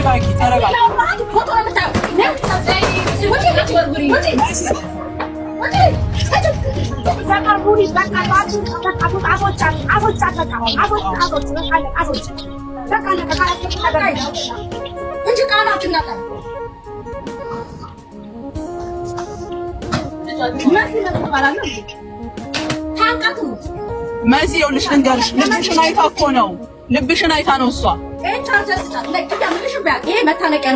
ተረጋጊ ተረጋጊ። መሲ ይኸውልሽ፣ ልንገርሽ ልጅሽን አይታ እኮ ነው ልብሽን አይታ ነው እሷ። ይሄ መታነቂያ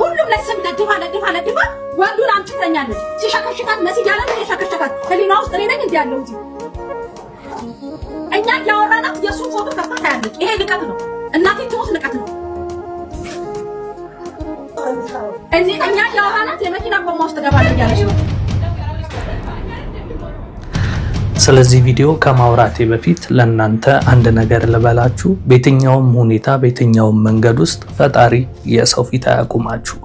ሁሉም ላይ ስም ወንዱን ሲሸከሽካት ያለ ህሊና ውስጥ እኔ ነኝ እንዲህ ያለው እንጂ እኛ እያወራናት ፎቶ ከፍታ ታያለች። ይሄ ንቀት ነው፣ እናቴ ትሙት ንቀት ነው። እኛ እያወራናት የመኪና ጎማ ውስጥ ገባለች ያለች ነው ስለዚህ ቪዲዮ ከማውራቴ በፊት ለእናንተ አንድ ነገር ልበላችሁ። በየትኛውም ሁኔታ በየትኛውም መንገድ ውስጥ ፈጣሪ የሰው ፊት አያቁማችሁ።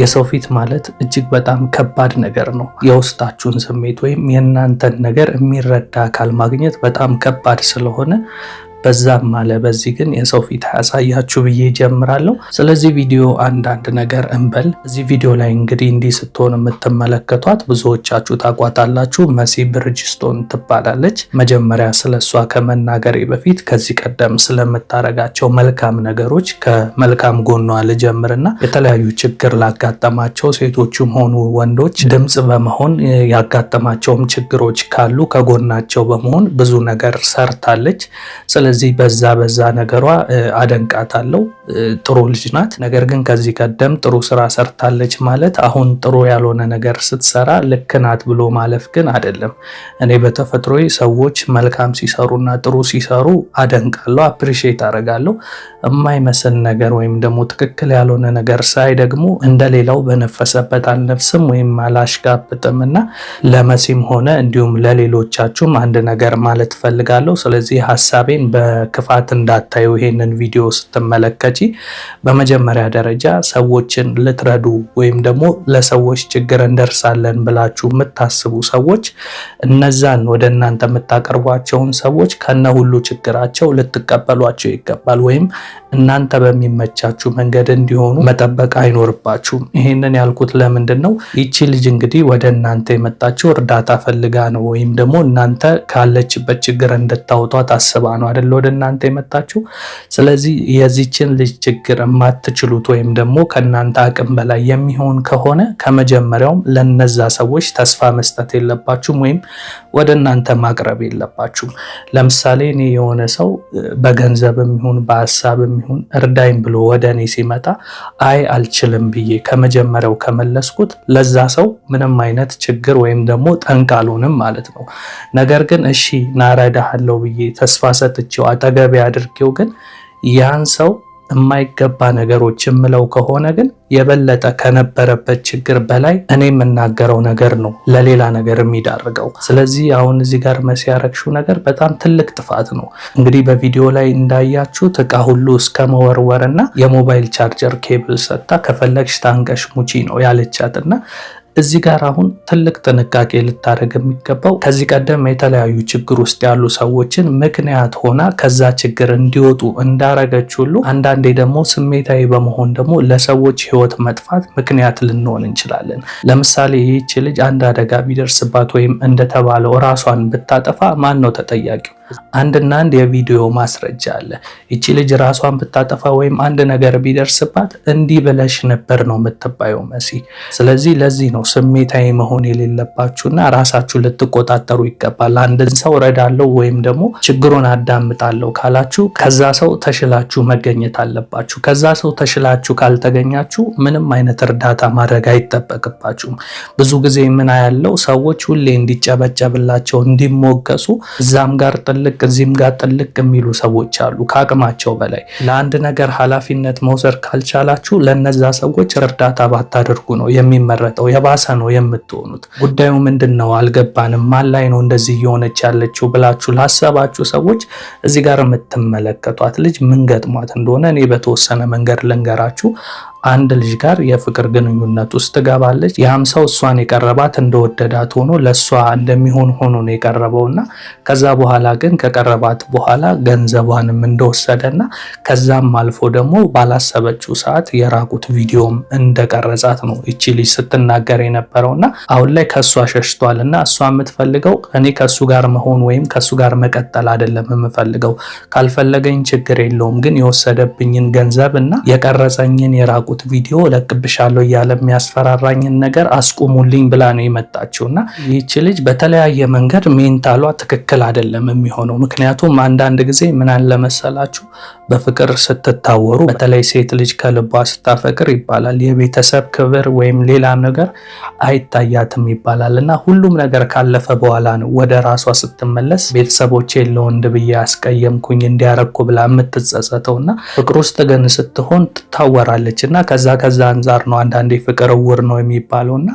የሰው ፊት ማለት እጅግ በጣም ከባድ ነገር ነው። የውስጣችሁን ስሜት ወይም የእናንተን ነገር የሚረዳ አካል ማግኘት በጣም ከባድ ስለሆነ በዛም አለ በዚህ ግን የሰው ፊት ያሳያችሁ ብዬ ጀምራለሁ። ስለዚህ ቪዲዮ አንዳንድ ነገር እንበል። እዚህ ቪዲዮ ላይ እንግዲህ እንዲህ ስትሆን የምትመለከቷት ብዙዎቻችሁ ታቋታላችሁ። መሲ ብርጅስቶን ትባላለች። መጀመሪያ ስለሷ ከመናገሬ በፊት ከዚህ ቀደም ስለምታረጋቸው መልካም ነገሮች ከመልካም ጎኗ ልጀምርና የተለያዩ ችግር ላጋጠማቸው ሴቶችም ሆኑ ወንዶች ድምፅ በመሆን ያጋጠማቸውም ችግሮች ካሉ ከጎናቸው በመሆን ብዙ ነገር ሰርታለች። ስለዚህ በዛ በዛ ነገሯ አደንቃታለሁ። ጥሩ ልጅ ናት። ነገር ግን ከዚህ ቀደም ጥሩ ስራ ሰርታለች ማለት አሁን ጥሩ ያልሆነ ነገር ስትሰራ ልክ ናት ብሎ ማለፍ ግን አይደለም። እኔ በተፈጥሮ ሰዎች መልካም ሲሰሩና ጥሩ ሲሰሩ አደንቃለሁ፣ አፕሪሼት አደርጋለሁ። የማይመስል ነገር ወይም ደግሞ ትክክል ያልሆነ ነገር ሳይ ደግሞ እንደሌላው በነፈሰበት አልነፍስም ወይም አላሽጋብጥም እና ለመሲም ሆነ እንዲሁም ለሌሎቻችሁም አንድ ነገር ማለት እፈልጋለሁ። ስለዚህ ሀሳቤን በ በክፋት እንዳታዩ ይሄንን ቪዲዮ ስትመለከቺ፣ በመጀመሪያ ደረጃ ሰዎችን ልትረዱ ወይም ደግሞ ለሰዎች ችግር እንደርሳለን ብላችሁ የምታስቡ ሰዎች እነዛን ወደ እናንተ የምታቀርቧቸውን ሰዎች ከነ ሁሉ ችግራቸው ልትቀበሏቸው ይገባል። ወይም እናንተ በሚመቻችሁ መንገድ እንዲሆኑ መጠበቅ አይኖርባችሁም። ይሄንን ያልኩት ለምንድን ነው? ይቺ ልጅ እንግዲህ ወደ እናንተ የመጣችው እርዳታ ፈልጋ ነው፣ ወይም ደግሞ እናንተ ካለችበት ችግር እንድታወጧት አስባ ነው አይደል? ወደ እናንተ የመጣችው። ስለዚህ የዚችን ልጅ ችግር የማትችሉት ወይም ደግሞ ከእናንተ አቅም በላይ የሚሆን ከሆነ ከመጀመሪያውም ለነዛ ሰዎች ተስፋ መስጠት የለባችሁም ወይም ወደ እናንተ ማቅረብ የለባችሁም። ለምሳሌ እኔ የሆነ ሰው በገንዘብ የሚሆን በሀሳብ የሚሆን እርዳይም ብሎ ወደ እኔ ሲመጣ አይ አልችልም ብዬ ከመጀመሪያው ከመለስኩት ለዛ ሰው ምንም አይነት ችግር ወይም ደግሞ ጠንቅ አልሆንም ማለት ነው። ነገር ግን እሺ ናረዳሃለው ብዬ ተስፋ ሰጥቼ አድርጌው አጠገብ አድርጌው ግን ያን ሰው የማይገባ ነገሮች የምለው ከሆነ ግን የበለጠ ከነበረበት ችግር በላይ እኔ የምናገረው ነገር ነው ለሌላ ነገር የሚዳርገው። ስለዚህ አሁን እዚህ ጋር መሲ ነገር በጣም ትልቅ ጥፋት ነው። እንግዲህ በቪዲዮ ላይ እንዳያችሁት እቃ ሁሉ እስከ መወርወር እና የሞባይል ቻርጀር ኬብል ሰጥታ ከፈለግሽ ታንቀሽ ሙቺ ነው ያለቻት እና እዚህ ጋር አሁን ትልቅ ጥንቃቄ ልታደርግ የሚገባው ከዚህ ቀደም የተለያዩ ችግር ውስጥ ያሉ ሰዎችን ምክንያት ሆና ከዛ ችግር እንዲወጡ እንዳረገች ሁሉ አንዳንዴ ደግሞ ስሜታዊ በመሆን ደግሞ ለሰዎች ህይወት መጥፋት ምክንያት ልንሆን እንችላለን። ለምሳሌ ይህች ልጅ አንድ አደጋ ቢደርስባት ወይም እንደተባለው ራሷን ብታጠፋ ማን ነው ተጠያቂው? አንድና አንድ የቪዲዮ ማስረጃ አለ። ይቺ ልጅ ራሷን ብታጠፋ ወይም አንድ ነገር ቢደርስባት እንዲህ ብለሽ ነበር ነው የምትባየው መሲ። ስለዚህ ለዚህ ነው ስሜታዊ መሆን የሌለባችሁና ራሳችሁ ልትቆጣጠሩ ይገባል። አንድን ሰው እረዳለሁ ወይም ደግሞ ችግሩን አዳምጣለሁ ካላችሁ ከዛ ሰው ተሽላችሁ መገኘት አለባችሁ። ከዛ ሰው ተሽላችሁ ካልተገኛችሁ ምንም አይነት እርዳታ ማድረግ አይጠበቅባችሁም። ብዙ ጊዜ ምን ያለው ሰዎች ሁሌ እንዲጨበጨብላቸው እንዲሞገሱ እዛም ጋር ጥል ጥልቅ እዚህም ጋር ጥልቅ የሚሉ ሰዎች አሉ። ከአቅማቸው በላይ ለአንድ ነገር ኃላፊነት መውሰድ ካልቻላችሁ ለነዛ ሰዎች እርዳታ ባታደርጉ ነው የሚመረጠው። የባሰ ነው የምትሆኑት። ጉዳዩ ምንድን ነው አልገባንም፣ ማን ላይ ነው እንደዚህ እየሆነች ያለችው ብላችሁ ላሰባችሁ ሰዎች እዚህ ጋር የምትመለከቷት ልጅ ምን ገጥሟት እንደሆነ እኔ በተወሰነ መንገድ ልንገራችሁ። አንድ ልጅ ጋር የፍቅር ግንኙነት ውስጥ ትገባለች። ያም ሰው እሷን የቀረባት እንደወደዳት ሆኖ ለእሷ እንደሚሆን ሆኖ ነው እና ከዛ በኋላ ግን ከቀረባት በኋላ ገንዘቧንም እንደወሰደና ከዛም አልፎ ደግሞ ባላሰበችው ሰዓት የራቁት ቪዲዮም እንደቀረጻት ነው እቺ ልጅ ስትናገር እና አሁን ላይ ከእሷ ሸሽቷል እና እሷ የምትፈልገው እኔ ከእሱ ጋር መሆን ወይም ከእሱ ጋር መቀጠል አይደለም የምፈልገው፣ ካልፈለገኝ ችግር የለውም ግን የወሰደብኝን ገንዘብ እና የቀረጸኝን የራቁ የለቀቁት ቪዲዮ ለቅብሻለሁ እያለ የሚያስፈራራኝን ነገር አስቁሙልኝ ብላ ነው የመጣችው። እና ይህች ልጅ በተለያየ መንገድ ሜንታሏ ትክክል አይደለም የሚሆነው። ምክንያቱም አንዳንድ ጊዜ ምናን ለመሰላችሁ በፍቅር ስትታወሩ፣ በተለይ ሴት ልጅ ከልቧ ስታፈቅር ይባላል የቤተሰብ ክብር ወይም ሌላ ነገር አይታያትም ይባላል እና ሁሉም ነገር ካለፈ በኋላ ነው ወደ ራሷ ስትመለስ ቤተሰቦቼ ለወንድ ብዬ ያስቀየምኩኝ እንዲያረኩ ብላ የምትጸጸተው እና ፍቅር ውስጥ ግን ስትሆን ትታወራለች እና ከዛ ከዛ አንጻር ነው አንዳንዴ ፍቅር እውር ነው የሚባለው እና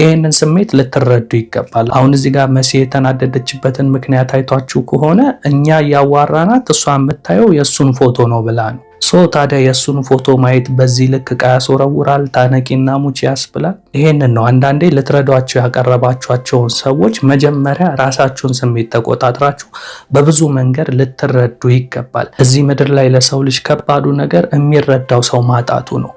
ይህንን ስሜት ልትረዱ ይገባል። አሁን እዚህ ጋር መሲ የተናደደችበትን ምክንያት አይቷችሁ ከሆነ እኛ እያዋራናት እሷ የምታየው የእሱን ፎቶ ነው ብላ ነው ሰው ታዲያ የእሱን ፎቶ ማየት በዚህ ልክ ዕቃ ያስወረውራል ታነቂና ሙች ያስብላል። ይሄንን ነው አንዳንዴ ልትረዷቸው ያቀረባቸኋቸውን ሰዎች መጀመሪያ ራሳችሁን ስሜት ተቆጣጥራችሁ በብዙ መንገድ ልትረዱ ይገባል። እዚህ ምድር ላይ ለሰው ልጅ ከባዱ ነገር የሚረዳው ሰው ማጣቱ ነው።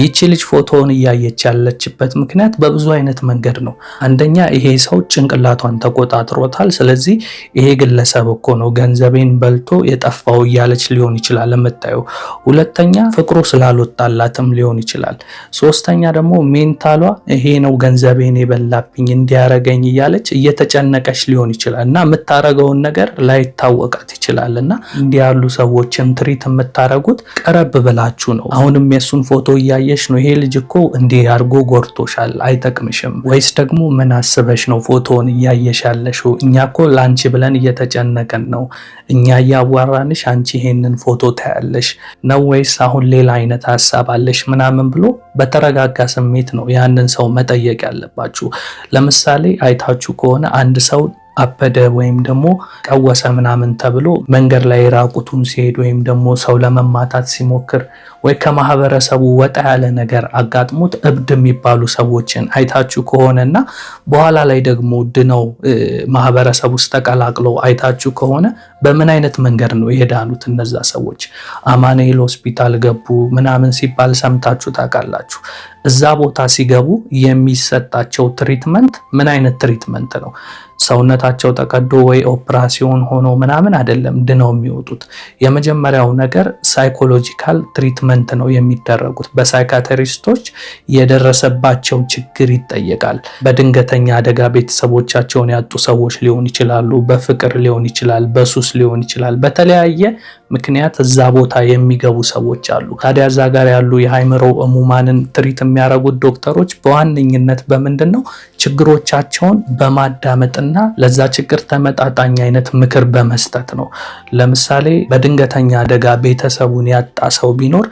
ይቺ ልጅ ፎቶውን እያየች ያለችበት ምክንያት በብዙ አይነት መንገድ ነው። አንደኛ ይሄ ሰው ጭንቅላቷን ተቆጣጥሮታል። ስለዚህ ይሄ ግለሰብ እኮ ነው ገንዘቤን በልቶ የጠፋው እያለች ሊሆን ይችላል የምታየው ሁለተኛ ፍቅሩ ስላልወጣላትም ሊሆን ይችላል። ሶስተኛ ደግሞ ሜንታሏ ይሄ ነው ገንዘቤን የበላብኝ እንዲያረገኝ እያለች እየተጨነቀች ሊሆን ይችላል እና የምታረገውን ነገር ላይታወቃት ይችላል እና እንዲህ ያሉ ሰዎችን ትሪት የምታረጉት ቀረብ ብላችሁ ነው። አሁንም የእሱን ፎቶ እያየሽ ነው ይሄ ልጅ እኮ እንዲህ አድርጎ ጎድቶሻል፣ አይጠቅምሽም። ወይስ ደግሞ ምን አስበሽ ነው ፎቶውን እያየሽ ያለሽው? እኛ እኮ ለአንቺ ብለን እየተጨነቀን ነው። እኛ እያዋራንሽ አንቺ ይሄንን ፎቶ ታያለሽ። ነው ወይስ አሁን ሌላ አይነት ሀሳብ አለሽ ምናምን ብሎ በተረጋጋ ስሜት ነው ያንን ሰው መጠየቅ ያለባችሁ። ለምሳሌ አይታችሁ ከሆነ አንድ ሰው አበደ ወይም ደግሞ ቀወሰ ምናምን ተብሎ መንገድ ላይ ራቁቱን ሲሄድ ወይም ደግሞ ሰው ለመማታት ሲሞክር ወይ ከማህበረሰቡ ወጣ ያለ ነገር አጋጥሞት እብድ የሚባሉ ሰዎችን አይታችሁ ከሆነ እና በኋላ ላይ ደግሞ ድነው ማህበረሰብ ውስጥ ተቀላቅለው አይታችሁ ከሆነ በምን አይነት መንገድ ነው የዳኑት እነዛ ሰዎች? አማኑኤል ሆስፒታል ገቡ ምናምን ሲባል ሰምታችሁ ታውቃላችሁ። እዛ ቦታ ሲገቡ የሚሰጣቸው ትሪትመንት ምን አይነት ትሪትመንት ነው? ሰውነታቸው ተቀዶ ወይ ኦፕራሲዮን ሆኖ ምናምን አይደለም ድነው የሚወጡት። የመጀመሪያው ነገር ሳይኮሎጂካል ትሪትመንት ትሪትመንት ነው የሚደረጉት። በሳይካትሪስቶች የደረሰባቸው ችግር ይጠየቃል። በድንገተኛ አደጋ ቤተሰቦቻቸውን ያጡ ሰዎች ሊሆን ይችላሉ። በፍቅር ሊሆን ይችላል። በሱስ ሊሆን ይችላል። በተለያየ ምክንያት እዛ ቦታ የሚገቡ ሰዎች አሉ። ታዲያ እዛ ጋር ያሉ የአእምሮ እሙማንን ትሪት የሚያደርጉት ዶክተሮች በዋነኝነት በምንድን ነው ችግሮቻቸውን በማዳመጥና ለዛ ችግር ተመጣጣኝ አይነት ምክር በመስጠት ነው። ለምሳሌ በድንገተኛ አደጋ ቤተሰቡን ያጣ ሰው ቢኖር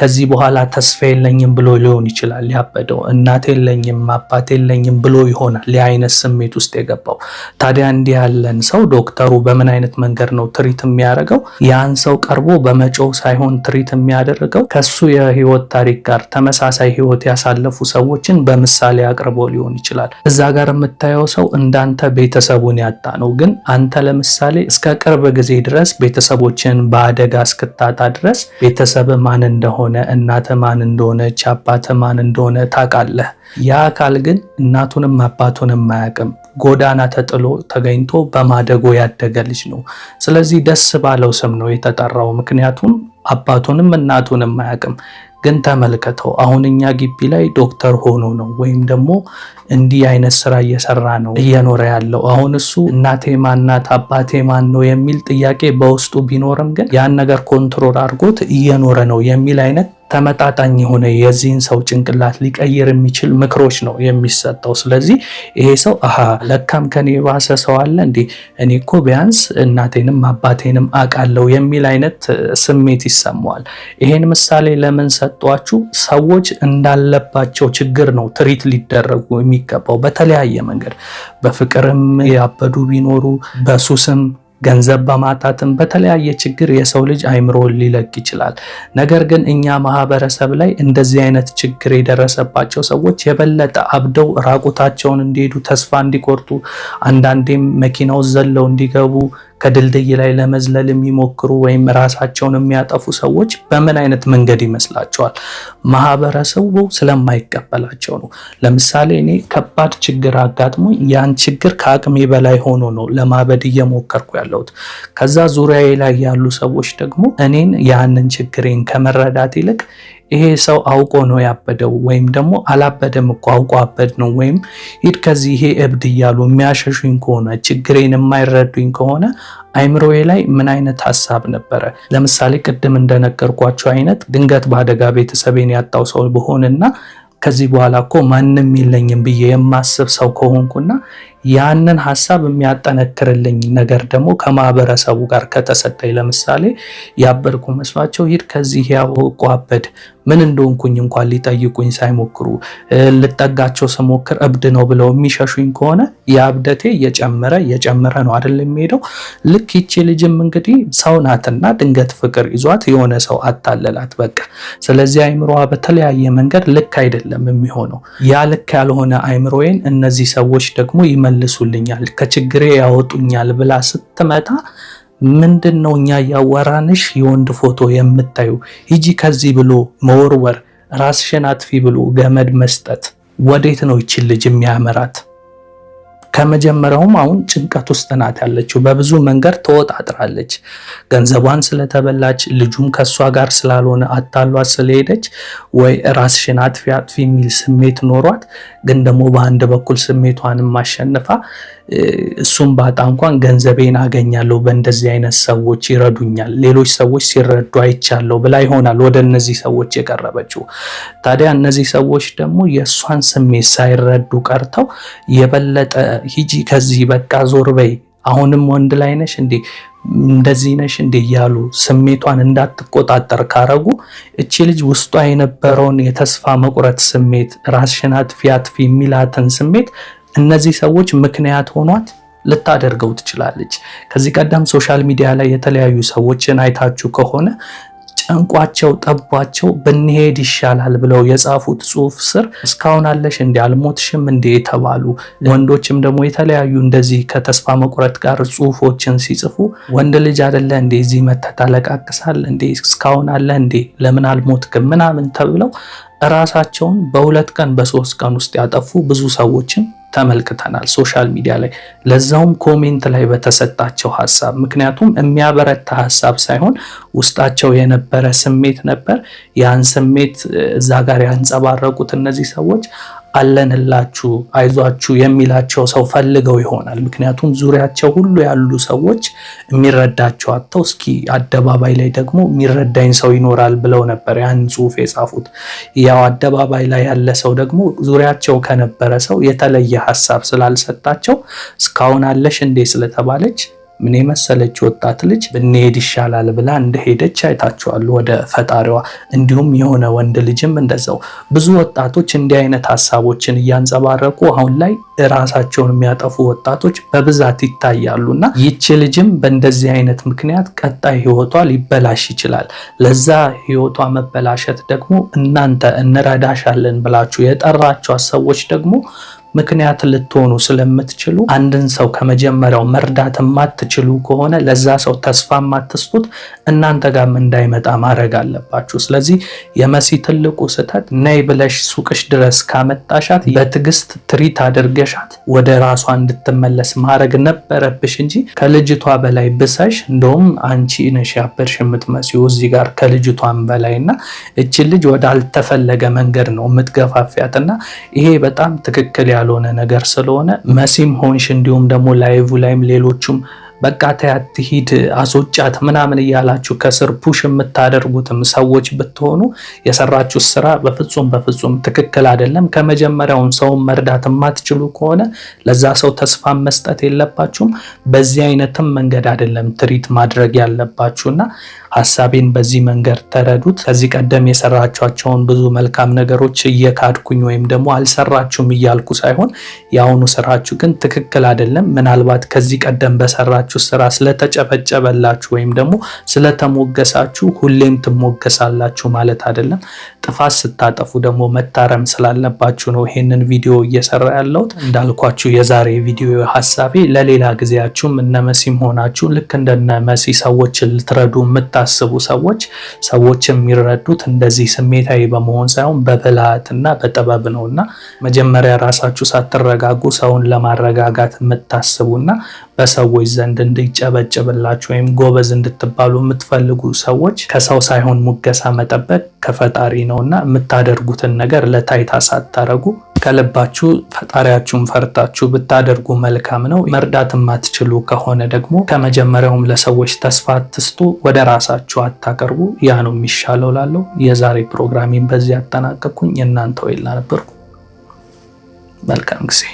ከዚህ በኋላ ተስፋ የለኝም ብሎ ሊሆን ይችላል ያበደው። እናት የለኝም አባት የለኝም ብሎ ይሆናል ሊአይነት ስሜት ውስጥ የገባው። ታዲያ እንዲህ ያለን ሰው ዶክተሩ በምን አይነት መንገድ ነው ትሪት የሚያደርገው? ያን ሰው ቀርቦ በመጮው ሳይሆን ትሪት የሚያደርገው ከሱ የህይወት ታሪክ ጋር ተመሳሳይ ህይወት ያሳለፉ ሰዎችን በምሳሌ አቅርቦ ሊሆን ይችላል። እዛ ጋር የምታየው ሰው እንዳንተ ቤተሰቡን ያጣ ነው። ግን አንተ ለምሳሌ እስከ ቅርብ ጊዜ ድረስ ቤተሰቦችን በአደጋ እስክታጣ ድረስ ቤተሰብ ማን እንደሆነ እንደሆነ እናተ ማን እንደሆነች አባተ ማን እንደሆነ ታውቃለህ። ያ አካል ግን እናቱንም አባቱንም አያውቅም። ጎዳና ተጥሎ ተገኝቶ በማደጎ ያደገ ልጅ ነው። ስለዚህ ደስ ባለው ስም ነው የተጠራው። ምክንያቱም አባቱንም እናቱንም አያውቅም። ግን ተመልከተው አሁን እኛ ግቢ ላይ ዶክተር ሆኖ ነው ወይም ደግሞ እንዲህ አይነት ስራ እየሰራ ነው እየኖረ ያለው። አሁን እሱ እናቴ ማናት አባቴ ማን ነው የሚል ጥያቄ በውስጡ ቢኖርም ግን ያን ነገር ኮንትሮል አድርጎት እየኖረ ነው የሚል አይነት ተመጣጣኝ የሆነ የዚህን ሰው ጭንቅላት ሊቀይር የሚችል ምክሮች ነው የሚሰጠው። ስለዚህ ይሄ ሰው አ ለካም ከኔ የባሰ ሰው አለ እንዴ እኔ እኮ ቢያንስ እናቴንም አባቴንም አውቃለሁ የሚል አይነት ስሜት ይሰማዋል። ይሄን ምሳሌ ለምን ሰጧችሁ? ሰዎች እንዳለባቸው ችግር ነው ትሪት ሊደረጉ የሚገባው በተለያየ መንገድ በፍቅርም ያበዱ ቢኖሩ በሱስም ገንዘብ በማጣትም በተለያየ ችግር የሰው ልጅ አይምሮ ሊለቅ ይችላል። ነገር ግን እኛ ማህበረሰብ ላይ እንደዚህ አይነት ችግር የደረሰባቸው ሰዎች የበለጠ አብደው ራቁታቸውን እንዲሄዱ፣ ተስፋ እንዲቆርጡ፣ አንዳንዴም መኪናው ዘለው እንዲገቡ ከድልድይ ላይ ለመዝለል የሚሞክሩ ወይም ራሳቸውን የሚያጠፉ ሰዎች በምን አይነት መንገድ ይመስላቸዋል? ማህበረሰቡ ስለማይቀበላቸው ነው። ለምሳሌ እኔ ከባድ ችግር አጋጥሞ ያን ችግር ከአቅሜ በላይ ሆኖ ነው ለማበድ እየሞከርኩ ያለሁት። ከዛ ዙሪያዬ ላይ ያሉ ሰዎች ደግሞ እኔን ያንን ችግሬን ከመረዳት ይልቅ ይሄ ሰው አውቆ ነው ያበደው፣ ወይም ደግሞ አላበደም እኮ አውቆ አበድ ነው፣ ወይም ሂድ ከዚህ ይሄ እብድ እያሉ የሚያሸሹኝ ከሆነ ችግሬን የማይረዱኝ ከሆነ አይምሮዬ ላይ ምን አይነት ሀሳብ ነበረ? ለምሳሌ ቅድም እንደነገርኳቸው አይነት ድንገት በአደጋ ቤተሰቤን ያጣው ሰው በሆንና ከዚህ በኋላ እኮ ማንም የለኝም ብዬ የማስብ ሰው ከሆንኩና ያንን ሀሳብ የሚያጠነክርልኝ ነገር ደግሞ ከማህበረሰቡ ጋር ከተሰጠኝ፣ ለምሳሌ ያበርኩ መስሏቸው ሂድ ከዚህ ያወቁ ምን እንደሆንኩኝ እንኳን ሊጠይቁኝ ሳይሞክሩ ልጠጋቸው ስሞክር እብድ ነው ብለው የሚሸሹኝ ከሆነ የእብደቴ እየጨመረ እየጨመረ ነው አይደል የሚሄደው። ልክ ይቺ ልጅም እንግዲህ ሰው ናትና ድንገት ፍቅር ይዟት የሆነ ሰው አታለላት በቃ። ስለዚህ አይምሮዋ በተለያየ መንገድ ልክ አይደለም የሚሆነው። ያ ልክ ያልሆነ አይምሮዬን እነዚህ ሰዎች ደግሞ ይመል ይመልሱልኛል፣ ከችግሬ ያወጡኛል ብላ ስትመጣ ምንድን ነው እኛ ያወራንሽ የወንድ ፎቶ የምታዩ ሂጂ ከዚህ ብሎ መወርወር፣ ራስሽን አጥፊ ብሎ ገመድ መስጠት ወዴት ነው ይችን ልጅ የሚያመራት? ከመጀመሪያውም አሁን ጭንቀት ውስጥ ናት ያለችው። በብዙ መንገድ ተወጣጥራለች። ገንዘቧን ስለተበላች፣ ልጁም ከእሷ ጋር ስላልሆነ አታሏት ስለሄደች ወይ ራስሽን አጥፊ አጥፊ የሚል ስሜት ኖሯት፣ ግን ደግሞ በአንድ በኩል ስሜቷንም ማሸነፋ እሱም ባጣ እንኳን ገንዘቤን አገኛለሁ፣ በእንደዚህ አይነት ሰዎች ይረዱኛል፣ ሌሎች ሰዎች ሲረዱ አይቻለሁ ብላ ይሆናል ወደ እነዚህ ሰዎች የቀረበችው። ታዲያ እነዚህ ሰዎች ደግሞ የእሷን ስሜት ሳይረዱ ቀርተው የበለጠ ሂጂ ከዚህ በቃ ዞር በይ አሁንም ወንድ ላይ ነሽ እንዴ እንደዚህ ነሽ እንዴ እያሉ ስሜቷን እንዳትቆጣጠር ካረጉ እቺ ልጅ ውስጧ የነበረውን የተስፋ መቁረጥ ስሜት ራስሽን አጥፊ አጥፊ የሚላትን ስሜት እነዚህ ሰዎች ምክንያት ሆኗት ልታደርገው ትችላለች። ከዚህ ቀደም ሶሻል ሚዲያ ላይ የተለያዩ ሰዎችን አይታችሁ ከሆነ ጨንቋቸው ጠቧቸው ብንሄድ ይሻላል ብለው የጻፉት ጽሁፍ ስር እስካሁን አለሽ እንዲ አልሞትሽም እንዲ የተባሉ ወንዶችም ደግሞ የተለያዩ እንደዚህ ከተስፋ መቁረጥ ጋር ጽሁፎችን ሲጽፉ ወንድ ልጅ አደለ እንዴ እዚህ መተታለቃቅሳል እንዴ እስካሁን አለ እንዴ ለምን አልሞትክም ምናምን ተብለው እራሳቸውን በሁለት ቀን በሶስት ቀን ውስጥ ያጠፉ ብዙ ሰዎችን ተመልክተናል ሶሻል ሚዲያ ላይ ለዛውም ኮሜንት ላይ በተሰጣቸው ሀሳብ። ምክንያቱም የሚያበረታ ሀሳብ ሳይሆን ውስጣቸው የነበረ ስሜት ነበር። ያን ስሜት እዛ ጋር ያንጸባረቁት እነዚህ ሰዎች አለንላችሁ አይዟችሁ የሚላቸው ሰው ፈልገው ይሆናል። ምክንያቱም ዙሪያቸው ሁሉ ያሉ ሰዎች የሚረዳቸው አጥተው እስኪ አደባባይ ላይ ደግሞ የሚረዳኝ ሰው ይኖራል ብለው ነበር ያን ጽሑፍ የጻፉት። ያው አደባባይ ላይ ያለ ሰው ደግሞ ዙሪያቸው ከነበረ ሰው የተለየ ሀሳብ ስላልሰጣቸው እስካሁን አለሽ እንዴ ስለተባለች ምን የመሰለች ወጣት ልጅ ብንሄድ ይሻላል ብላ እንደሄደች አይታችኋል ወደ ፈጣሪዋ። እንዲሁም የሆነ ወንድ ልጅም እንደዛው። ብዙ ወጣቶች እንዲህ አይነት ሀሳቦችን እያንጸባረቁ አሁን ላይ ራሳቸውን የሚያጠፉ ወጣቶች በብዛት ይታያሉ እና ይቺ ልጅም በእንደዚህ አይነት ምክንያት ቀጣይ ህይወቷ ሊበላሽ ይችላል። ለዛ ህይወቷ መበላሸት ደግሞ እናንተ እንረዳሻለን ብላችሁ የጠራችኋት ሰዎች ደግሞ ምክንያት ልትሆኑ ስለምትችሉ አንድን ሰው ከመጀመሪያው መርዳት የማትችሉ ከሆነ ለዛ ሰው ተስፋ የማትስጡት እናንተ ጋርም እንዳይመጣ ማድረግ አለባችሁ። ስለዚህ የመሲ ትልቁ ስህተት ነይ ብለሽ ሱቅሽ ድረስ ካመጣሻት በትዕግስት ትሪት አድርገሻት ወደ ራሷ እንድትመለስ ማድረግ ነበረብሽ እንጂ ከልጅቷ በላይ ብሰሽ እንደውም አንቺ ነሽ ያበርሽ የምትመሲው እዚህ ጋር ከልጅቷን በላይ እና እችን ልጅ ወደ አልተፈለገ መንገድ ነው የምትገፋፊያት እና ይሄ በጣም ትክክል ያሉ ያልሆነ ነገር ስለሆነ መሲም ሆንሽ እንዲሁም ደግሞ ላይቭ ላይም ሌሎቹም በቃ ተያት ትሂድ አስወጫት ምናምን እያላችሁ ከስር ፑሽ የምታደርጉትም ሰዎች ብትሆኑ የሰራችሁ ስራ በፍጹም በፍጹም ትክክል አይደለም። ከመጀመሪያውን ሰውን መርዳት የማትችሉ ከሆነ ለዛ ሰው ተስፋ መስጠት የለባችሁም። በዚህ አይነትም መንገድ አይደለም ትሪት ማድረግ ያለባችሁና ሀሳቤን በዚህ መንገድ ተረዱት። ከዚህ ቀደም የሰራችኋቸውን ብዙ መልካም ነገሮች እየካድኩኝ ወይም ደግሞ አልሰራችሁም እያልኩ ሳይሆን የአሁኑ ስራችሁ ግን ትክክል አይደለም። ምናልባት ከዚህ ቀደም በሰራ ለሰራችሁ ስራ ስለተጨበጨበላችሁ ወይም ደግሞ ስለተሞገሳችሁ ሁሌም ትሞገሳላችሁ ማለት አይደለም። ጥፋት ስታጠፉ ደግሞ መታረም ስላለባችሁ ነው ይሄንን ቪዲዮ እየሰራ ያለሁት። እንዳልኳችሁ የዛሬ ቪዲዮ ሀሳቤ ለሌላ ጊዜያችሁም እነ መሲም ሆናችሁ ልክ እንደነ መሲ ሰዎች ልትረዱ የምታስቡ ሰዎች ሰዎች የሚረዱት እንደዚህ ስሜታዊ በመሆን ሳይሆን በብልሃትና በጥበብ ነው እና መጀመሪያ ራሳችሁ ሳትረጋጉ ሰውን ለማረጋጋት የምታስቡና በሰዎች ዘንድ እንዲጨበጭብላችሁ ወይም ጎበዝ እንድትባሉ የምትፈልጉ ሰዎች ከሰው ሳይሆን ሙገሳ መጠበቅ ከፈጣሪ ነውና የምታደርጉትን ነገር ለታይታ ሳታረጉ ከልባችሁ ፈጣሪያችሁን ፈርታችሁ ብታደርጉ መልካም ነው። መርዳት የማትችሉ ከሆነ ደግሞ ከመጀመሪያውም ለሰዎች ተስፋ አትስጡ፣ ወደ ራሳችሁ አታቀርቡ። ያ ነው የሚሻለው ላለው የዛሬ ፕሮግራሚን በዚህ ያጠናቀቅኩኝ። እናንተው ወይላ ነበርኩ። መልካም ጊዜ